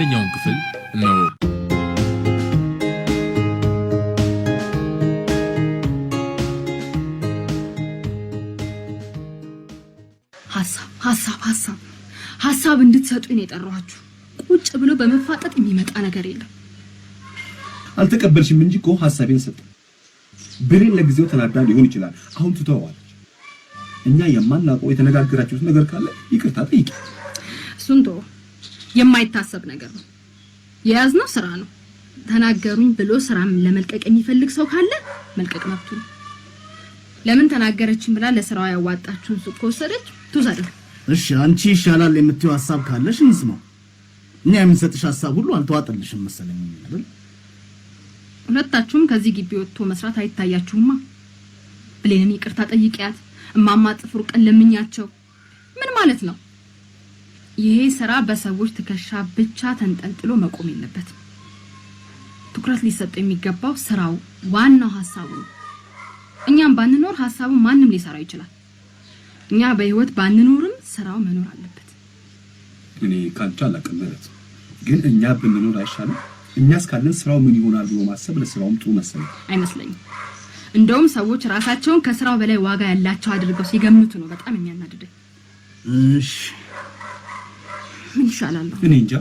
አንደኛውን ክፍል ነው። ሀሳብ ሀሳብ ሀሳብ ሀሳብ እንድትሰጡኝ ነው የጠራኋችሁ። ቁጭ ብሎ በመፋጠጥ የሚመጣ ነገር የለም። አልተቀበልሽም እንጂ እኮ ሀሳቤን ሰጠ። ብሬን ለጊዜው ተናዳ ሊሆን ይችላል። አሁን ትተዋዋለች። እኛ የማናውቀው የተነጋገራችሁት ነገር ካለ ይቅርታ ጠይቂ። እሱን ተወው። የማይታሰብ ነገር ነው። የያዝነው ስራ ነው። ተናገሩኝ ብሎ ስራም ለመልቀቅ የሚፈልግ ሰው ካለ መልቀቅ መብቱ ነው። ለምን ተናገረችን ብላ ለስራዋ ያዋጣችሁን ሱቅ ከወሰደች ትውሰደው። እሺ አንቺ ይሻላል የምትይው ሀሳብ ካለሽ እንስማው። እኛ የምንሰጥሽ ሀሳብ ሁሉ አልተዋጠልሽም መሰለኝ አይደል? ሁለታችሁም ከዚህ ግቢ ወጥቶ መስራት አይታያችሁማ። ብሌንን ይቅርታ ጠይቂያት። እማማ ጥፍሩ ቀን ለምኛቸው ምን ማለት ነው? ይሄ ስራ በሰዎች ትከሻ ብቻ ተንጠልጥሎ መቆም የለበትም። ትኩረት ሊሰጠው የሚገባው ስራው፣ ዋናው ሀሳቡ ነው። እኛም ባንኖር ሀሳቡ ማንም ሊሰራው ይችላል። እኛ በህይወት ባንኖርም ስራው መኖር አለበት። እኔ ካንቺ አላቅም ግን እኛ ብንኖር አይሻልም? እኛ እስካለን ስራው ምን ይሆናል ብሎ ማሰብ ለስራውም ጥሩ መሰለ አይመስለኝም። እንደውም ሰዎች ራሳቸውን ከስራው በላይ ዋጋ ያላቸው አድርገው ሲገምቱ ነው በጣም የሚያናድደኝ። እሺ ምን ይሻላል? እኔ እንጃ።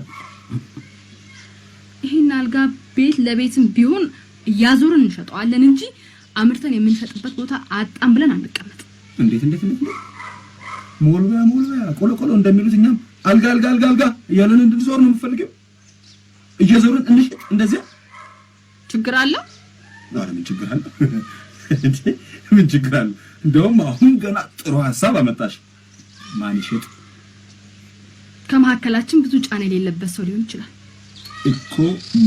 ይሄን አልጋ ቤት ለቤትም ቢሆን እያዞርን እንሸጠዋለን እንጂ አምርተን የምንሸጥበት ቦታ አጣም ብለን አንቀመጥ። እንዴት እንዴት እንዴት ሞልበያ ሞልበያ ቆሎ ቆሎ እንደሚሉት እኛም አልጋ አልጋ አልጋ አልጋ እያለን እንድንዞር ነው የምፈልገው። እየዞርን እንሽጥ። እንደዚህ ችግር አለ? ኧረ ምን ችግር አለው? ምን ችግር አለ? እንደውም አሁን ገና ጥሩ ሀሳብ አመጣሽ። ማን ይሸጥ ከመካከላችን ብዙ ጫና የሌለበት ሰው ሊሆን ይችላል እኮ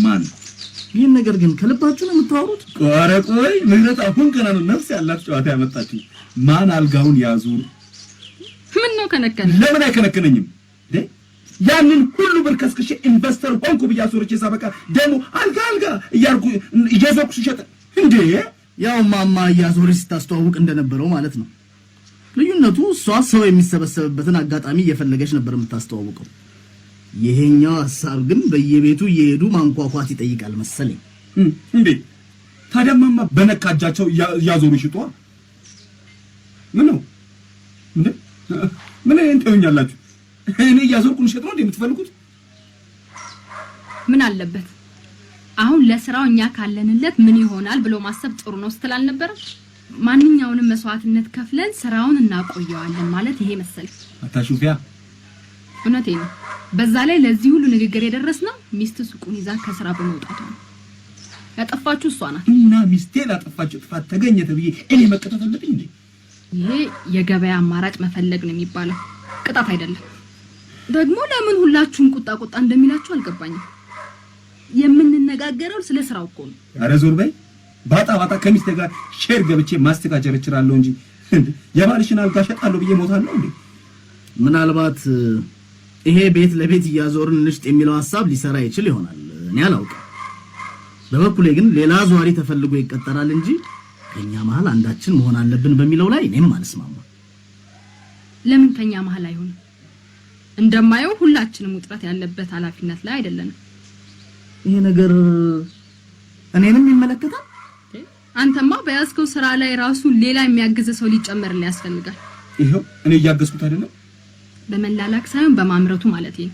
ማን ይህን ነገር ግን ከልባችሁ ነው የምታወሩት? ኧረ ቆይ ምህረት አሁን ከና ነው ነፍስ ያላት ጨዋታ ያመጣችሁ? ማን አልጋውን ያዙር? ምን ነው ከነከነ? ለምን አይከነከነኝም? ያንን ሁሉ ብር ከስክሼ ኢንቨስተር ሆንኩ ብዬ አስወርቼ ሳበቃ ደግሞ አልጋ አልጋ እያልኩ እየዘኩ ሲሸጥ እንዴ! ያው ማማ እያዞረች ስታስተዋውቅ እንደነበረው ማለት ነው። ልዩነቱ እሷ ሰው የሚሰበሰብበትን አጋጣሚ እየፈለገች ነበር የምታስተዋውቀው። ይሄኛው ሀሳብ ግን በየቤቱ እየሄዱ ማንኳኳት ይጠይቃል መሰለኝ። እንዴ ታዲያማማ በነካ እጃቸው እያዞሩ ሽጧ። ምን ነው ምን አይነት እኔ እያዞርኩን ልሸጥ ነው እንዴ የምትፈልጉት? ምን አለበት አሁን ለስራው እኛ ካለንለት ምን ይሆናል ብሎ ማሰብ ጥሩ ነው ስትላል አልነበረም? ማንኛውንም መስዋዕትነት ከፍለን ስራውን እናቆየዋለን ማለት ይሄ መሰለኝ። አታሹፊያ፣ እውነቴ ነው። በዛ ላይ ለዚህ ሁሉ ንግግር የደረስነው ሚስት ሱቁን ይዛ ከስራ በመውጣቷ ነው። ያጠፋችሁ እሷ ናት እና ሚስቴ ላጠፋችሁ ጥፋት ተገኘ ተብዬ እኔ መቀጣት አለብኝ እንዴ? ይሄ የገበያ አማራጭ መፈለግ ነው የሚባለው፣ ቅጣት አይደለም። ደግሞ ለምን ሁላችሁም ቁጣ ቁጣ እንደሚላችሁ አልገባኝም። የምንነጋገረው ስለ ስራው እኮ ነው። ኧረ ዞር በይ ባጣ ባጣ ከሚስቴ ጋር ሼር ገብቼ ማስተካከል እችላለሁ እንጂ የባልሽን አልጋ ሸጣለሁ ብዬ ሞታለሁ እንዴ? ምናልባት ይሄ ቤት ለቤት እያዞርን እንሽጥ የሚለው ሀሳብ ሊሰራ ይችል ይሆናል። እኔ አላውቅም። በበኩሌ ግን ሌላ ዟሪ ተፈልጎ ይቀጠራል እንጂ ከኛ መሀል አንዳችን መሆን አለብን በሚለው ላይ እኔም አልስማማ። ለምን ከኛ መሀል አይሆንም? እንደማየው ሁላችንም ውጥረት ያለበት ኃላፊነት ላይ አይደለንም። ይሄ ነገር እኔንም ይመለከታል። አንተማ በያዝከው ስራ ላይ ራሱ ሌላ የሚያግዝ ሰው ሊጨመርልህ ያስፈልጋል። ይሄው እኔ እያገዝኩት አይደለም። በመላላክ ሳይሆን በማምረቱ ማለት ነው።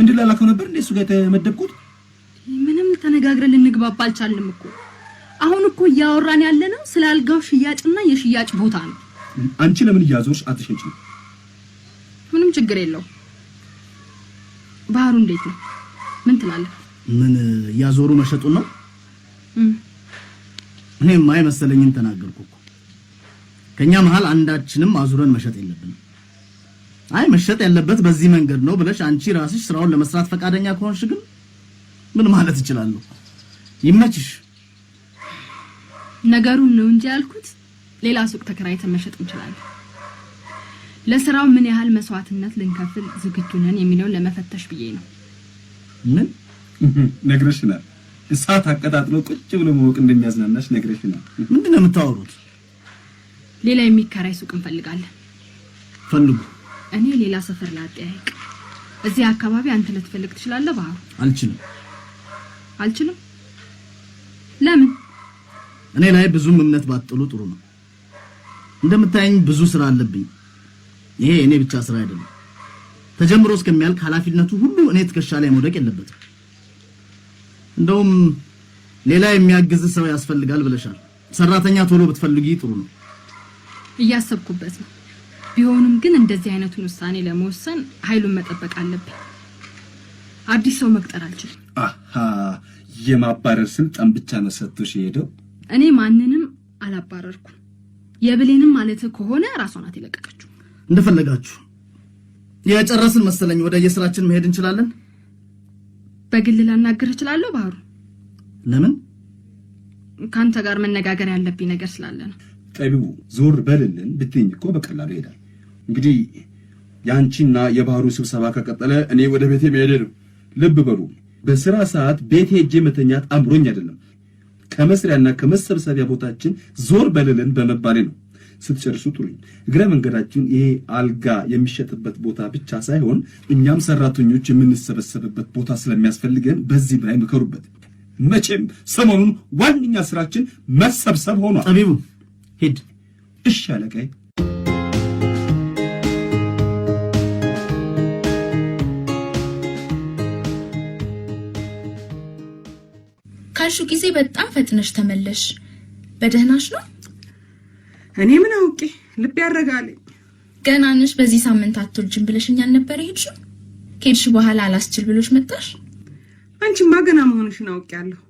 እንድላላከው ነበር እንዴ እሱ ጋር የተመደብኩት? ምንም ተነጋግረን ልንግባባ አልቻልንም እኮ። አሁን እኮ እያወራን ያለነው ስለ አልጋው ሽያጭና የሽያጭ ቦታ ነው። አንቺ ለምን እያዞርሽ አትሸጪ? ምንም ችግር የለው። ባህሩ እንዴት ነው? ምን ትላለህ? ምን እያዞሩ መሸጡን ነው እኔ የማይመስለኝን ተናገርኩ እኮ። ከኛ መሃል አንዳችንም አዙረን መሸጥ የለብንም። አይ መሸጥ ያለበት በዚህ መንገድ ነው ብለሽ አንቺ ራስሽ ስራውን ለመስራት ፈቃደኛ ከሆንሽ ግን ምን ማለት እችላለሁ? ይመችሽ። ነገሩን ነው እንጂ ያልኩት ሌላ ሱቅ ተከራይተን መሸጥ እንችላለን። ለስራው ምን ያህል መስዋዕትነት ልንከፍል ዝግጁ ነን የሚለውን ለመፈተሽ ብዬ ነው። ምን ነግረሽናል? እሳት አቀጣጥሎ ቁጭ ብሎ ማወቅ እንደሚያዝናናሽ ነግረሽናል። ምንድነው የምታወሩት? ሌላ የሚከራይ ሱቅ እንፈልጋለን። ፈልጉ። እኔ ሌላ ሰፈር ላጠያይቅ። እዚህ አካባቢ አንተ ልትፈልግ ትችላለህ። ባህሩ አልችልም። አልችልም? ለምን? እኔ ላይ ብዙም እምነት ባትጥሉ ጥሩ ነው። እንደምታየኝ ብዙ ስራ አለብኝ። ይሄ እኔ ብቻ ስራ አይደለም። ተጀምሮ እስከሚያልቅ ኃላፊነቱ ሁሉ እኔ ትከሻ ላይ መውደቅ የለበትም። እንደውም ሌላ የሚያግዝ ሰው ያስፈልጋል ብለሻል። ሰራተኛ ቶሎ ብትፈልጊ ጥሩ ነው። እያሰብኩበት ነው። ቢሆንም ግን እንደዚህ አይነቱን ውሳኔ ለመወሰን ኃይሉን መጠበቅ አለብኝ። አዲስ ሰው መቅጠር አልችልም። አሃ የማባረር ስልጣን ብቻ ነው ሰጥቶሽ የሄደው። እኔ ማንንም አላባረርኩም። የብሌንም ማለት ከሆነ ራሷ ናት የለቀቀችው። እንደፈለጋችሁ የጨረስን መሰለኝ። ወደ የስራችን መሄድ እንችላለን። በግል ላናግር እችላለሁ? ባህሩ ለምን? ከአንተ ጋር መነጋገር ያለብኝ ነገር ስላለ ነው። ጠቢቡ ዞር በልልን ብትኝ እኮ በቀላሉ ይሄዳል። እንግዲህ የአንቺና የባህሩ ስብሰባ ከቀጠለ እኔ ወደ ቤቴ መሄድ ነው። ልብ በሉ በስራ ሰዓት ቤቴ ሄጄ መተኛት አምሮኝ አይደለም። ከመስሪያና ከመሰብሰቢያ ቦታችን ዞር በልልን በመባሌ ነው። ስትጨርሱ ጥሩኝ። እግረ መንገዳችን ይሄ አልጋ የሚሸጥበት ቦታ ብቻ ሳይሆን እኛም ሰራተኞች የምንሰበሰብበት ቦታ ስለሚያስፈልገን በዚህ ላይ ምከሩበት። መቼም ሰሞኑን ዋነኛ ስራችን መሰብሰብ ሆኗል። ጠቢቡ ሂድ። እሺ አለቃዬ። ካልሹ ጊዜ በጣም ፈጥነሽ ተመለሽ። በደህናሽ ነው? እኔ ምን አውቄ ልብ ያረጋለኝ። ገና ነሽ፣ በዚህ ሳምንት አትወልጅም ብለሽኝ አልነበረ ሄድሽው? ከሄድሽ በኋላ አላስችል ብሎሽ መጣሽ። አንቺማ ገና መሆንሽን አውቄያለሁ።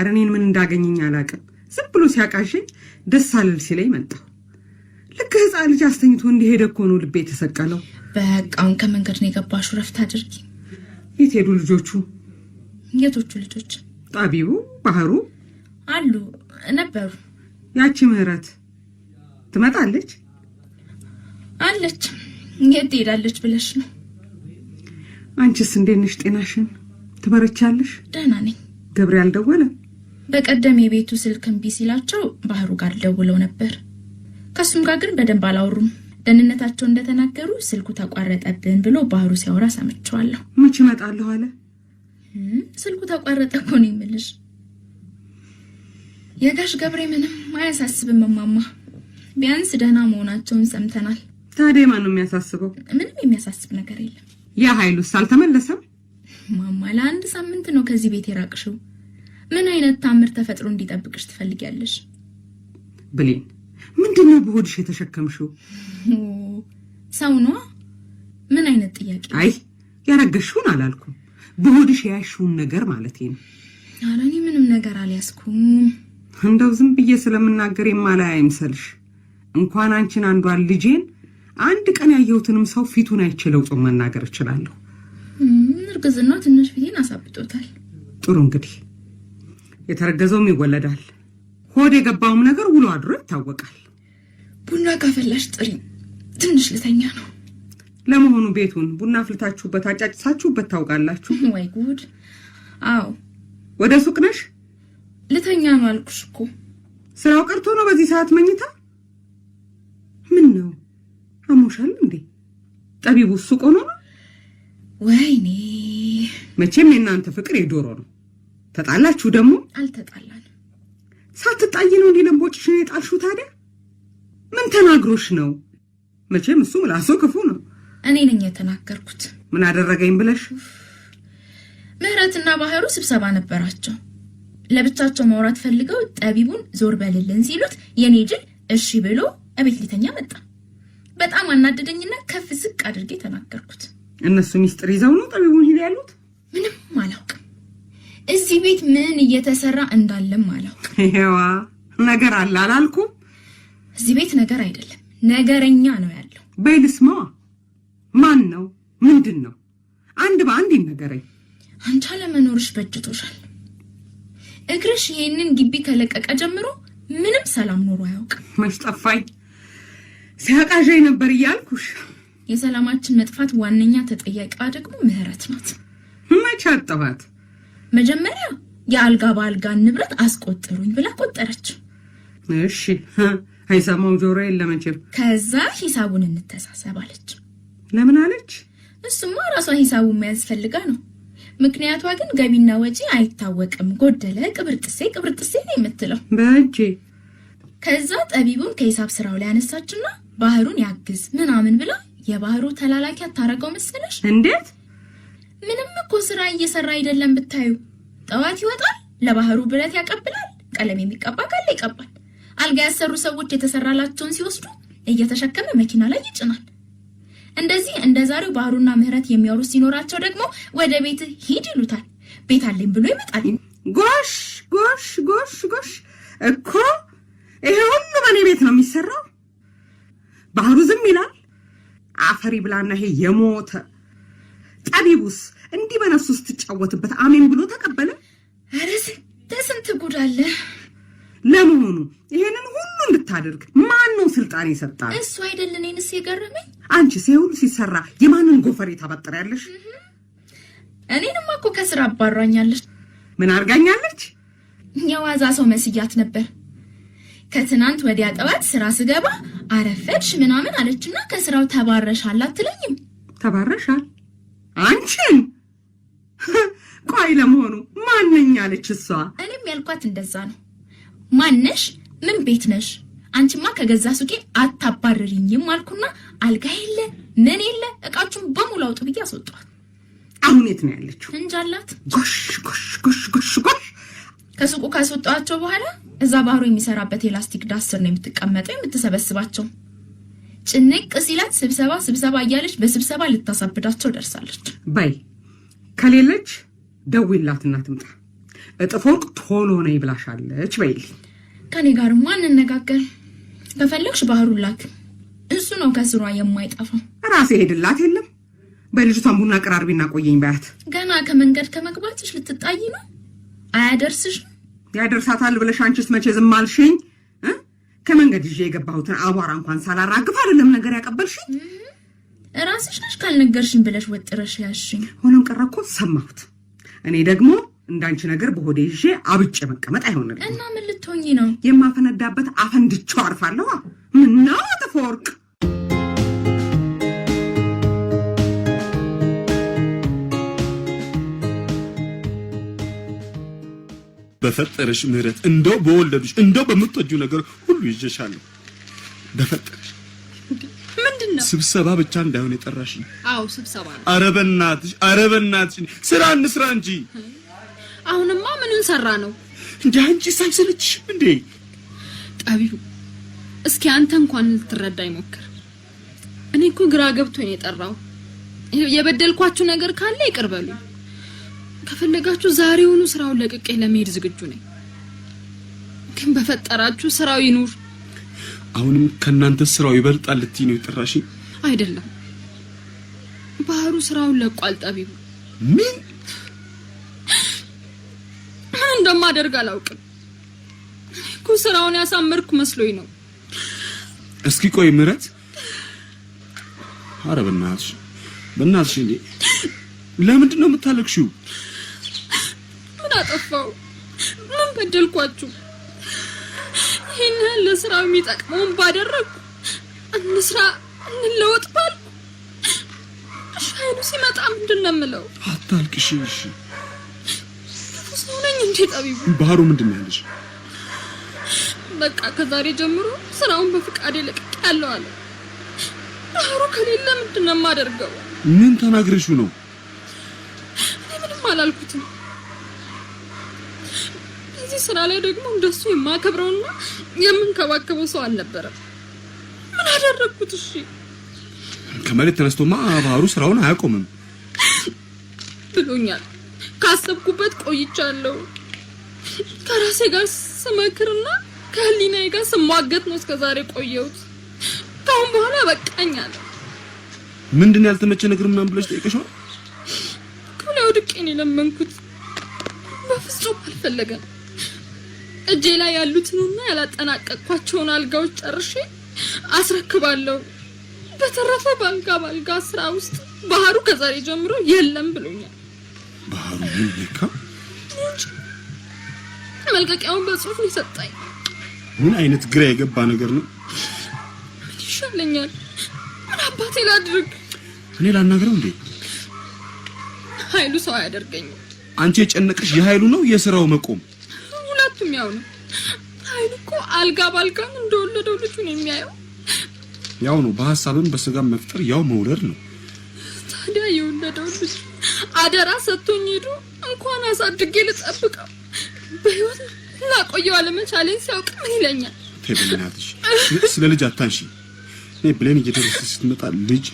ኧረ እኔን ምን እንዳገኘኝ አላውቅም። ዝም ብሎ ሲያቃሸኝ ደስ አልል ሲለኝ መጣሁ። ልክ ህፃን ልጅ አስተኝቶ እንዲሄደ እኮ ነው ልቤ የተሰቀለው። በቃ አሁን ከመንገድ ነው የገባሹ፣ ረፍት አድርጊ። የት ሄዱ ልጆቹ? የቶቹ ልጆች? ጣቢቡ፣ ባህሩ አሉ ነበሩ። ያቺ ምህረት ትመጣለች አለች። የት ትሄዳለች ብለሽ ነው? አንቺስ እንዴት ነሽ? ጤናሽን ትበረቻለሽ? ደህና ነኝ። ገብሬ አልደወለም? በቀደም የቤቱ ስልክ እምቢ ሲላቸው ባህሩ ጋር ደውለው ነበር። ከሱም ጋር ግን በደንብ አላወሩም። ደህንነታቸው እንደተናገሩ ስልኩ ተቋረጠብን ብሎ ባህሩ ሲያወራ ሰምቼዋለሁ። መች እመጣለሁ አለ። ስልኩ ተቋረጠ እኮ ነው የምልሽ። የጋሽ ገብሬ ምንም አያሳስብም እማማ ቢያንስ ደህና መሆናቸውን ሰምተናል። ታዲያ ማን ነው የሚያሳስበው? ምንም የሚያሳስብ ነገር የለም። ያ ኃይሉስ አልተመለሰም? ማማ ለአንድ ሳምንት ነው ከዚህ ቤት የራቅሽው። ምን አይነት ታምር ተፈጥሮ እንዲጠብቅሽ ትፈልጊያለሽ? ብሌን፣ ምንድን ነው በሆድሽ የተሸከምሽው? ሰው ነዋ። ምን አይነት ጥያቄ! አይ ያረገሽውን አላልኩም፣ በሆድሽ የያሽውን ነገር ማለቴ ነው። ኧረ እኔ ምንም ነገር አልያዝኩም። እንደው ዝም ብዬ ስለምናገር የማላይ አይምሰልሽ። እንኳን አንቺን አንዷን ልጄን አንድ ቀን ያየሁትንም ሰው ፊቱን አይቼ ጾም መናገር እችላለሁ። እርግዝና ትንሽ ፊቴን አሳብጦታል። ጥሩ እንግዲህ የተረገዘውም ይወለዳል። ሆድ የገባውም ነገር ውሎ አድሮ ይታወቃል። ቡና ካፈላሽ ጥሪ፣ ትንሽ ልተኛ ነው። ለመሆኑ ቤቱን ቡና አፍልታችሁበት አጫጭሳችሁበት ታውቃላችሁ ወይ? ጉድ! አዎ። ወደ ሱቅ ነሽ? ልተኛ ነው አልኩሽ እኮ። ስራው ቀርቶ ነው በዚህ ሰዓት መኝታ ነው? አሞሻል እንዴ? ጠቢቡ እሱ ቆኖ ነው? ወይኔ መቼም የእናንተ ፍቅር የዶሮ ነው። ተጣላችሁ ደግሞ? አልተጣላን። ሳትጣይ ነው እንዲህ ለምቦጭሽን የጣልሹ? ታዲያ ምን ተናግሮሽ ነው? መቼም እሱ ምላሶ ክፉ ነው። እኔ ነኝ የተናገርኩት። ምን አደረገኝ ብለሽ? ምህረትና ባህሩ ስብሰባ ነበራቸው። ለብቻቸው ማውራት ፈልገው ጠቢቡን ዞር በልልን ሲሉት የኔ ጅል እሺ ብሎ እቤት ሊተኛ መጣ። በጣም አናደደኝና ከፍ ዝቅ አድርጌ ተናገርኩት። እነሱ ሚስጥር ይዘው ነው ጠቢቡን ሂድ ያሉት። ምንም አላውቅም። እዚህ ቤት ምን እየተሰራ እንዳለም አላውቅም። ይሄዋ ነገር አለ አላልኩም። እዚህ ቤት ነገር አይደለም ነገረኛ ነው ያለው። በይልስማ ማን ነው? ምንድን ነው? አንድ በአንድ ይነገረኝ። አንቺ አለመኖርሽ በጅቶሻል። እግርሽ ይህንን ግቢ ከለቀቀ ጀምሮ ምንም ሰላም ኖሮ አያውቅም። መች ጠፋኝ። ሲያቃዣኝ ነበር እያልኩሽ። የሰላማችን መጥፋት ዋነኛ ተጠያቂዋ ደግሞ ምህረት ናት። መቼ አጠፋት? መጀመሪያ የአልጋ በአልጋን ንብረት አስቆጠሩኝ ብላ ቆጠረች። እሺ አይሰማው ጆሮ የለመችም። ከዛ ሂሳቡን እንተሳሰብ አለች። ለምን አለች? እሱማ ራሷ ሂሳቡን የሚያስፈልጋ ነው። ምክንያቷ ግን ገቢና ወጪ አይታወቅም፣ ጎደለ፣ ቅብር ቅብርጥሴ ነው የምትለው በእጄ። ከዛ ጠቢቡን ከሂሳብ ስራው ላይ ያነሳችና ባህሩን ያግዝ ምናምን ብላ የባህሩ ተላላኪ አታረገው መሰለሽ? እንዴት ምንም እኮ ስራ እየሰራ አይደለም ብታዩ። ጠዋት ይወጣል፣ ለባህሩ ብረት ያቀብላል። ቀለም የሚቀባ ካለ ይቀባል። አልጋ ያሰሩ ሰዎች የተሰራላቸውን ሲወስዱ እየተሸከመ መኪና ላይ ይጭናል። እንደዚህ እንደ ዛሬው ባህሩና ምህረት የሚያወሩ ሲኖራቸው ደግሞ ወደ ቤት ሂድ ይሉታል። ቤት አለኝ ብሎ ይመጣል። ጎሽ ጎሽ ጎሽ ጎሽ እኮ ይሄ ሁሉ በእኔ ቤት ነው የሚሰራው ባህሩ ዝም ይላል። አፈሪ ብላና ይሄ የሞተ ጠቢቡስ እንዲህ በነሱ ስትጫወትበት አሜን ብሎ ተቀበለ። ኧረ ስንት ጉድ አለ። ለመሆኑ ይሄንን ሁሉ እንድታደርግ ማን ነው ስልጣን ይሰጣል? እሱ አይደል እኔንስ የገረመኝ። አንቺ ሴ ሁሉ ሲሰራ የማንን ጎፈሬ ታበጥሪያለሽ? እኔንማ እኮ ከስራ አባሯኛለች። ምን አድርጋኛለች? የዋዛ ሰው መስያት ነበር። ከትናንት ወዲያ ጠዋት ስራ ስገባ አረፈድሽ ምናምን አለችና ከስራው ተባረሻ አላትለኝም። ተባረሻል አንቺን ቆይ ለመሆኑ ማንኝ አለች እሷ? እኔም ያልኳት እንደዛ ነው። ማነሽ? ምን ቤት ነሽ? አንቺማ ከገዛ ሱቄ አታባረሪኝም አልኩና አልጋ የለ ምን የለ እቃችሁን በሙሉ አውጡ ብዬ አስወጧት። አሁን የት ነው ያለችው? እንጃላት። ጎሽ ጎሽ ጎሽ ጎሽ ጎሽ ከሱቁ ካስወጧቸው በኋላ እዛ ባህሩ የሚሰራበት የላስቲክ ዳስር ነው የምትቀመጠው የምትሰበስባቸው። ጭንቅ ሲላት ስብሰባ ስብሰባ እያለች በስብሰባ ልታሳብዳቸው ደርሳለች። በይ ከሌለች ደውይላትና ትምጣ። እጥፎቅ ቶሎ ነይ ብላሻለች በይልኝ። ከኔ ጋርማ እንነጋገር ከፈለግሽ ባህሩ ላክ። እሱ ነው ከስሯ የማይጠፋው። ራሴ ሄድላት የለም በልጅቷን ቡና ቅራርቢና ቆየኝ በያት። ገና ከመንገድ ከመግባትሽ ልትጣይ ነው። አያደርስሽም ያደርሳታል ብለሽ አንቺስ መቼ ዝም አልሽኝ? ከመንገድ ይዤ የገባሁትን አቧራ እንኳን ሳላራግፍ አይደለም ነገር ያቀበልሽኝ። ራስሽ ነሽ ካልነገርሽኝ ብለሽ ወጥረሽ ያሽኝ። ሆኖም ቀረ እኮ ሰማሁት። እኔ ደግሞ እንዳንቺ ነገር በሆዴ ይዤ አብጬ መቀመጥ አይሆንም። እና ምን ልትሆኚ ነው? የማፈነዳበት አፈንድቼው አርፋለሁ። ምን በፈጠረሽ ምህረት እንደው በወለዱሽ እንደው በምትወጂው ነገር ሁሉ ይዤሻለሁ። በፈጠረሽ ምንድነው ስብሰባ ብቻ እንዳይሆን የጠራሽ? አው ስብሰባ ነው። ኧረ በእናትሽ ኧረ በእናትሽ ስራ እንስራ እንጂ። አሁንማ ምኑን ሰራ ነው እንዴ? አንቺስ አይሰለችሽም እንዴ? ጠቢቡ እስኪ አንተ እንኳን ልትረዳ ይሞክር። እኔ እኮ ግራ ገብቶኝ የጠራው የበደልኳችሁ ነገር ካለ ይቅር ከፈለጋችሁ ዛሬውኑ ስራውን ለቅቄ ለመሄድ ዝግጁ ነኝ። ግን በፈጠራችሁ ስራው ይኑር። አሁንም ከእናንተ ስራው ይበልጣል ልትይ ነው የጠራሽ? አይደለም፣ ባህሩ ስራውን ለቋል። ጠቢቡ ምን ምን እንደማደርግ አላውቅም እኮ ስራውን ያሳመርኩ መስሎኝ ነው። እስኪ ቆይ ምረት፣ አረ በእናትሽ በእናትሽ፣ እንዴ ለምንድን ነው የምታለቅሽው? አጠፋው? ምን በደልኳችሁ? ይህን ያህል ለስራው የሚጠቅመውን ባደረግኩ፣ እንስራ እንለወጥ ባልኩ፣ ሻይሉ ሲመጣ ምንድን ነው የምለው? አታልቅሽ። እሺ ነኝ እንዴ ጠቢቡ? ባህሩ ምንድን ነው ያለሽ? በቃ ከዛሬ ጀምሮ ስራውን በፍቃዴ ለቅቅ ያለው አለ። ባህሩ ከሌለ ምንድን ነው የማደርገው? ምን ተናግረሽው ነው? እኔ ምንም አላልኩትም። በዚህ ስራ ላይ ደግሞ እንደሱ የማከብረውና የምንከባከበው ሰው አልነበረም። ምን አደረግኩት? እሺ ከመሬት ተነስቶማ ባህሩ ስራውን አያቆምም ብሎኛል። ካሰብኩበት ቆይቻለሁ። ከራሴ ጋር ስመክርና ከህሊናዬ ጋር ስሟገት ነው እስከዛሬ ቆየሁት። ካሁን በኋላ በቃኛል። ምንድን ነው ያልተመቸ ነገር ምናምን ብለሽ ጠይቀሽዋል? ከላይ ወድቄ ነው የለመንኩት። በፍጹም አልፈለገም። እጄ ላይ ያሉትንና ያላጠናቀቅኳቸውን አልጋዎች ጨርሼ አስረክባለሁ። በተረፈ በአልጋ በአልጋ ስራ ውስጥ ባህሩ ከዛሬ ጀምሮ የለም ብሎኛል። ባህሩ ምን ለካ መልቀቂያውን በጽሁፍ ነው የሰጠኝ። ምን አይነት ግራ የገባ ነገር ነው። ምን ይሻለኛል? ምን አባቴ ላድርግ? እኔ ላናገረው እንዴ? ኃይሉ ሰው አያደርገኝም። አንቺ የጨነቀሽ የኃይሉ ነው የስራው መቆም ሁለቱም ያው ነው። ኃይሉ እኮ አልጋ ባልጋም እንደወለደው ልጁ ነው የሚያየው። ያው ነው በሀሳብም በስጋም መፍጠር ያው መውለድ ነው። ታዲያ የወለደው ልጅ አደራ ሰጥቶኝ ሄዱ። እንኳን አሳድጌ ልጠብቀው በህይወት ላቆየው አለመቻሌን ሲያውቅ ምን ይለኛል? ተብልናትሽ ስለ ልጅ አታንሺ። እኔ ብለን እየደረሰ ስትመጣ ልጅ፣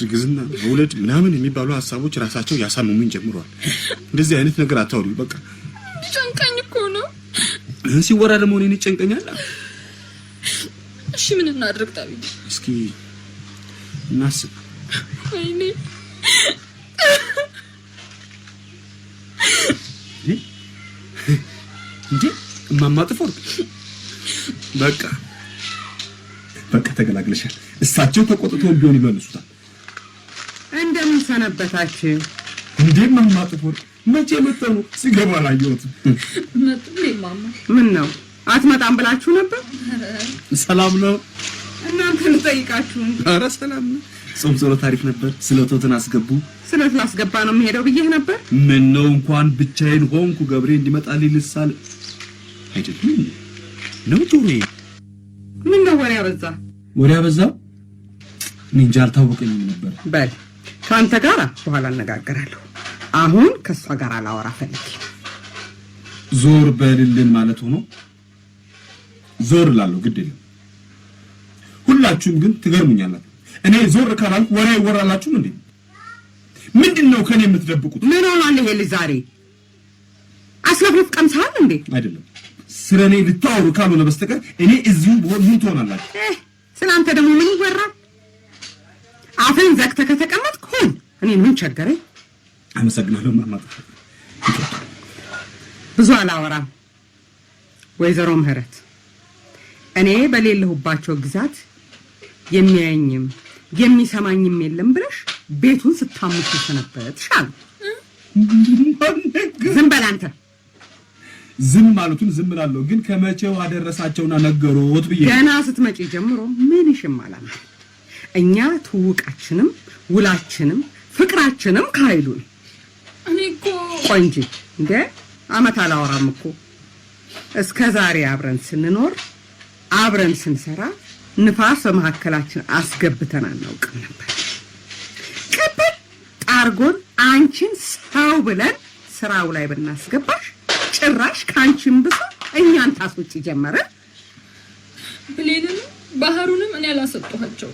እርግዝና፣ መውለድ ምናምን የሚባሉ ሀሳቦች ራሳቸው ያሳምሙኝ ጀምረዋል። እንደዚህ አይነት ነገር አታውሪ። በቃ ጨንቀኝ እኮ ነው ይሄን ሲወራ ደግሞ እኔን ይጨንቀኛል። እሺ ምን እናድርግ ታቢ እስኪ እናስብ። ወይኔ እንዴ እማማ ጥፎር በቃ በቃ ተገላግለሻል። እሳቸው ተቆጥተው ቢሆን ይመልሱታል። እንደምን ሰነበታችሁ? እንዴ እማማ ጥፎር መቼ መጣ ነው ሲገባ ምን ነው አትመጣም ብላችሁ ነበር? ሰላም ነው እናንተ ልጠይቃችሁ። ሰላም ነው። ጾም ጸሎት አሪፍ ነበር። ስለቶትን አስገቡ። ስለቶት ነው የምሄደው ብዬህ ነበር። ምን ነው እንኳን ብቻዬን ሆንኩ። ገብሬ አይደለም ነው ምን ነው ወሬ አበዛ፣ ወሬ አበዛ። እኔ እንጃ አልታወቀኝም ነበር። በል ከአንተ ጋር በኋላ አነጋገራለሁ። አሁን ከእሷ ጋር አላወራ ፈልግ። ዞር በልልን ማለት ሆኖ ዞር እላለሁ፣ ግድ የለም። ሁላችሁም ግን ትገርሙኛላችሁ። እኔ ዞር ካላልኩ ወሬ ይወራላችሁም እንዴ? ምንድን ነው ከኔ የምትደብቁት? ምን ሆኗል ይሄ ልጅ ዛሬ? አስለፍለፍ ቀምሰሃል እንዴ? አይደለም ስለ እኔ ልታወሩ ካልሆነ በስተቀር እኔ እዚሁ ብሆን ምን ትሆናላችሁ? ስለአንተ ደግሞ ምን ይወራል? አፍን ዘግተህ ከተቀመጥክ ሁን። እኔን ምን ቸገረኝ? አመሰግናለሁ። ማማጣ ብዙ አላወራም። ወይዘሮ ምህረት እኔ በሌለሁባቸው ግዛት የሚያየኝም የሚሰማኝም የለም ብለሽ ቤቱን ስታምሽ ሰነበትሽ አሉ። ዝም በል አንተ። ዝም ማለቱን ዝም እላለሁ፣ ግን ከመቼው አደረሳቸውና ነገሮት ብዬ ገና ስትመጪ ጀምሮ ምንሽም አላማ እኛ ትውቃችንም ውላችንም ፍቅራችንም ካይሉን ቆይ እንጂ እንደ አመት አላወራም እኮ እስከ ዛሬ አብረን ስንኖር አብረን ስንሰራ ንፋስ በመካከላችን አስገብተን አናውቅም ነበር። ቅብጥ ጣርጎን አንቺን ሰው ብለን ስራው ላይ ብናስገባሽ ጭራሽ ከአንቺን ብሶ እኛን ታስወጪ ጀመረ። ብሌንም ባህሩንም እኔ አላሰጠኋቸው፣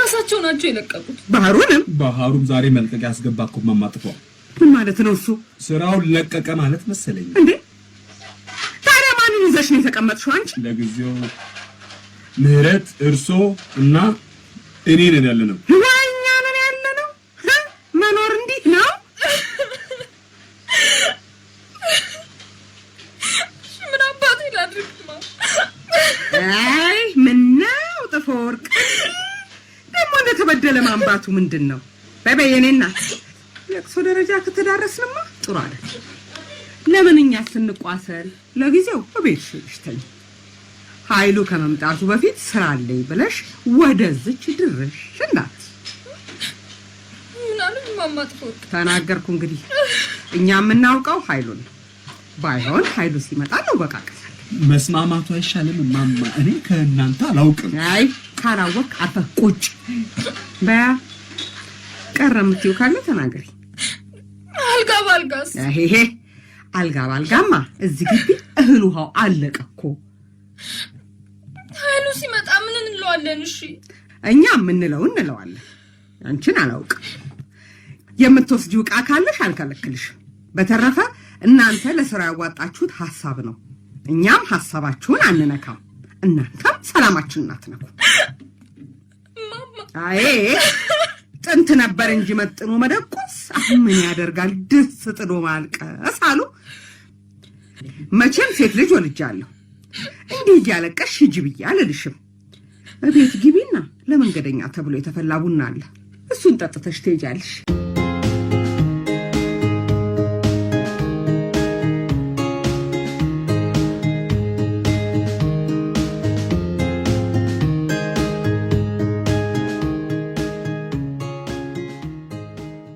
ራሳቸው ናቸው የለቀቁት። ባህሩንም ባህሩም ዛሬ መልቀቅ ያስገባ እኮ ምን ማለት ነው እሱ? ስራውን ለቀቀ ማለት መሰለኝ። እንዴ ታዲያ ማንን ይዘሽ ነው የተቀመጥሽው አንቺ? ለጊዜው ምህረት፣ እርሶ እና እኔ ነን ያለ ነው። እኛ ነን ያለ ነው። መኖር እንዲህ ነው። ምን አባቴ ላድርግማ? አይ ምን ነው ጥፎ ወርቅ ደግሞ እንደተበደለ ማንባቱ ምንድን ነው? እናት በእሱ ደረጃ ከተዳረስንማ ጥሩ አለ። ለምን እኛ ስንቋሰል? ለጊዜው እቤትሽ ሽተኝ ኃይሉ ከመምጣቱ በፊት ስራ አለኝ ብለሽ ወደዚች ድርሽ እናት ተናገርኩ። እንግዲህ እኛ የምናውቀው ኃይሉን ባይሆን ኃይሉ ሲመጣ ነው በቃ መስማማቱ አይሻልም? ማማ እኔ ከእናንተ አላውቅም። አይ ካላወቅ አፈ በያ ቀረ የምትይው ካለ ተናገሪ። አልጋ ባልጋስ ይሄ አልጋ ባልጋማ እዚህ ግቢ እህል ውሃው አለቀ እኮ። ኃይሉ ሲመጣ ምን እንለዋለን? እሺ እኛ የምንለው እንለዋለን። አንቺን አላውቅም። የምትወስጂው ዕቃ ካለሽ አልከለክልሽም። በተረፈ እናንተ ለስራ ያዋጣችሁት ሀሳብ ነው። እኛም ሀሳባችሁን አንነካም፣ እናንተም ሰላማችንን አትነኩም። አይ ጥንት ነበር እንጂ መጥኖ መደቆስ አሁን ምን ያደርጋል ድስ ጥዶ ማልቀስ አሉ። መቼም ሴት ልጅ ወልጃለሁ እንዲህ እያለቀሽ ሂጂ ብዬ አልልሽም። እቤት ግቢና ለመንገደኛ ተብሎ የተፈላ ቡና አለ፣ እሱን ጠጥተሽ ትሄጃለሽ።